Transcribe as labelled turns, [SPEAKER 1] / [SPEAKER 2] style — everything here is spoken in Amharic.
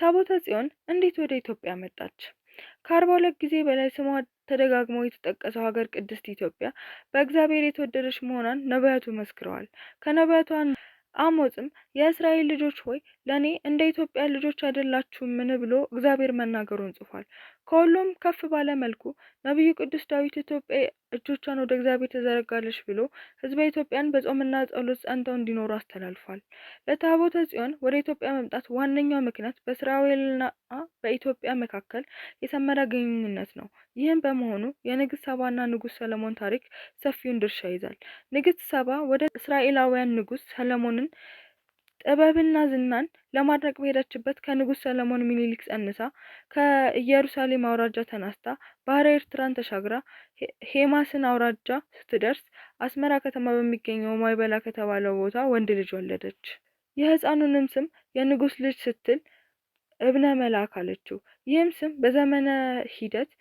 [SPEAKER 1] ታቦተ ጽዮን እንዴት ወደ ኢትዮጵያ መጣች? ከአርባ ሁለት ጊዜ በላይ ስሟ ተደጋግሞ የተጠቀሰው ሀገር ቅድስት ኢትዮጵያ በእግዚአብሔር የተወደደች መሆኗን ነቢያቱ መስክረዋል። ከነቢያቷ አሞጽም የእስራኤል ልጆች ሆይ ለእኔ እንደ ኢትዮጵያ ልጆች ምን ብሎ እግዚአብሔር መናገሩን ጽፏል። ከሁሉም ከፍ ባለ መልኩ ነቢዩ ቅዱስ ዳዊት ኢትዮጵያ እጆቿን ወደ እግዚአብሔር ትዘረጋለች ብሎ ሕዝበ ኢትዮጵያን በጾምና ጸሎት ጸንተው እንዲኖሩ አስተላልፏል። ለታቦተ ጽዮን ወደ ኢትዮጵያ መምጣት ዋነኛው ምክንያት በእስራኤልና በኢትዮጵያ መካከል የሰመረ ግንኙነት ነው። ይህም በመሆኑ የንግሥት ሰባና ንጉሥ ሰለሞን ታሪክ ሰፊውን ድርሻ ይዛል። ንግሥት ሰባ ወደ እስራኤላውያን ንጉሥ ሰለሞንን ጥበብና ዝናን ለማድረቅ በሄደችበት ከንጉሥ ሰለሞን ሚኒሊክስ ጸንሳ ከኢየሩሳሌም አውራጃ ተነስታ ባህረ ኤርትራን ተሻግራ ሄማስን አውራጃ ስትደርስ አስመራ ከተማ በሚገኘው ማይበላ ከተባለው ቦታ ወንድ ልጅ ወለደች። የሕፃኑንም ስም የንጉሥ ልጅ ስትል እብነ መልአክ አለችው። ይህም ስም በዘመነ ሂደት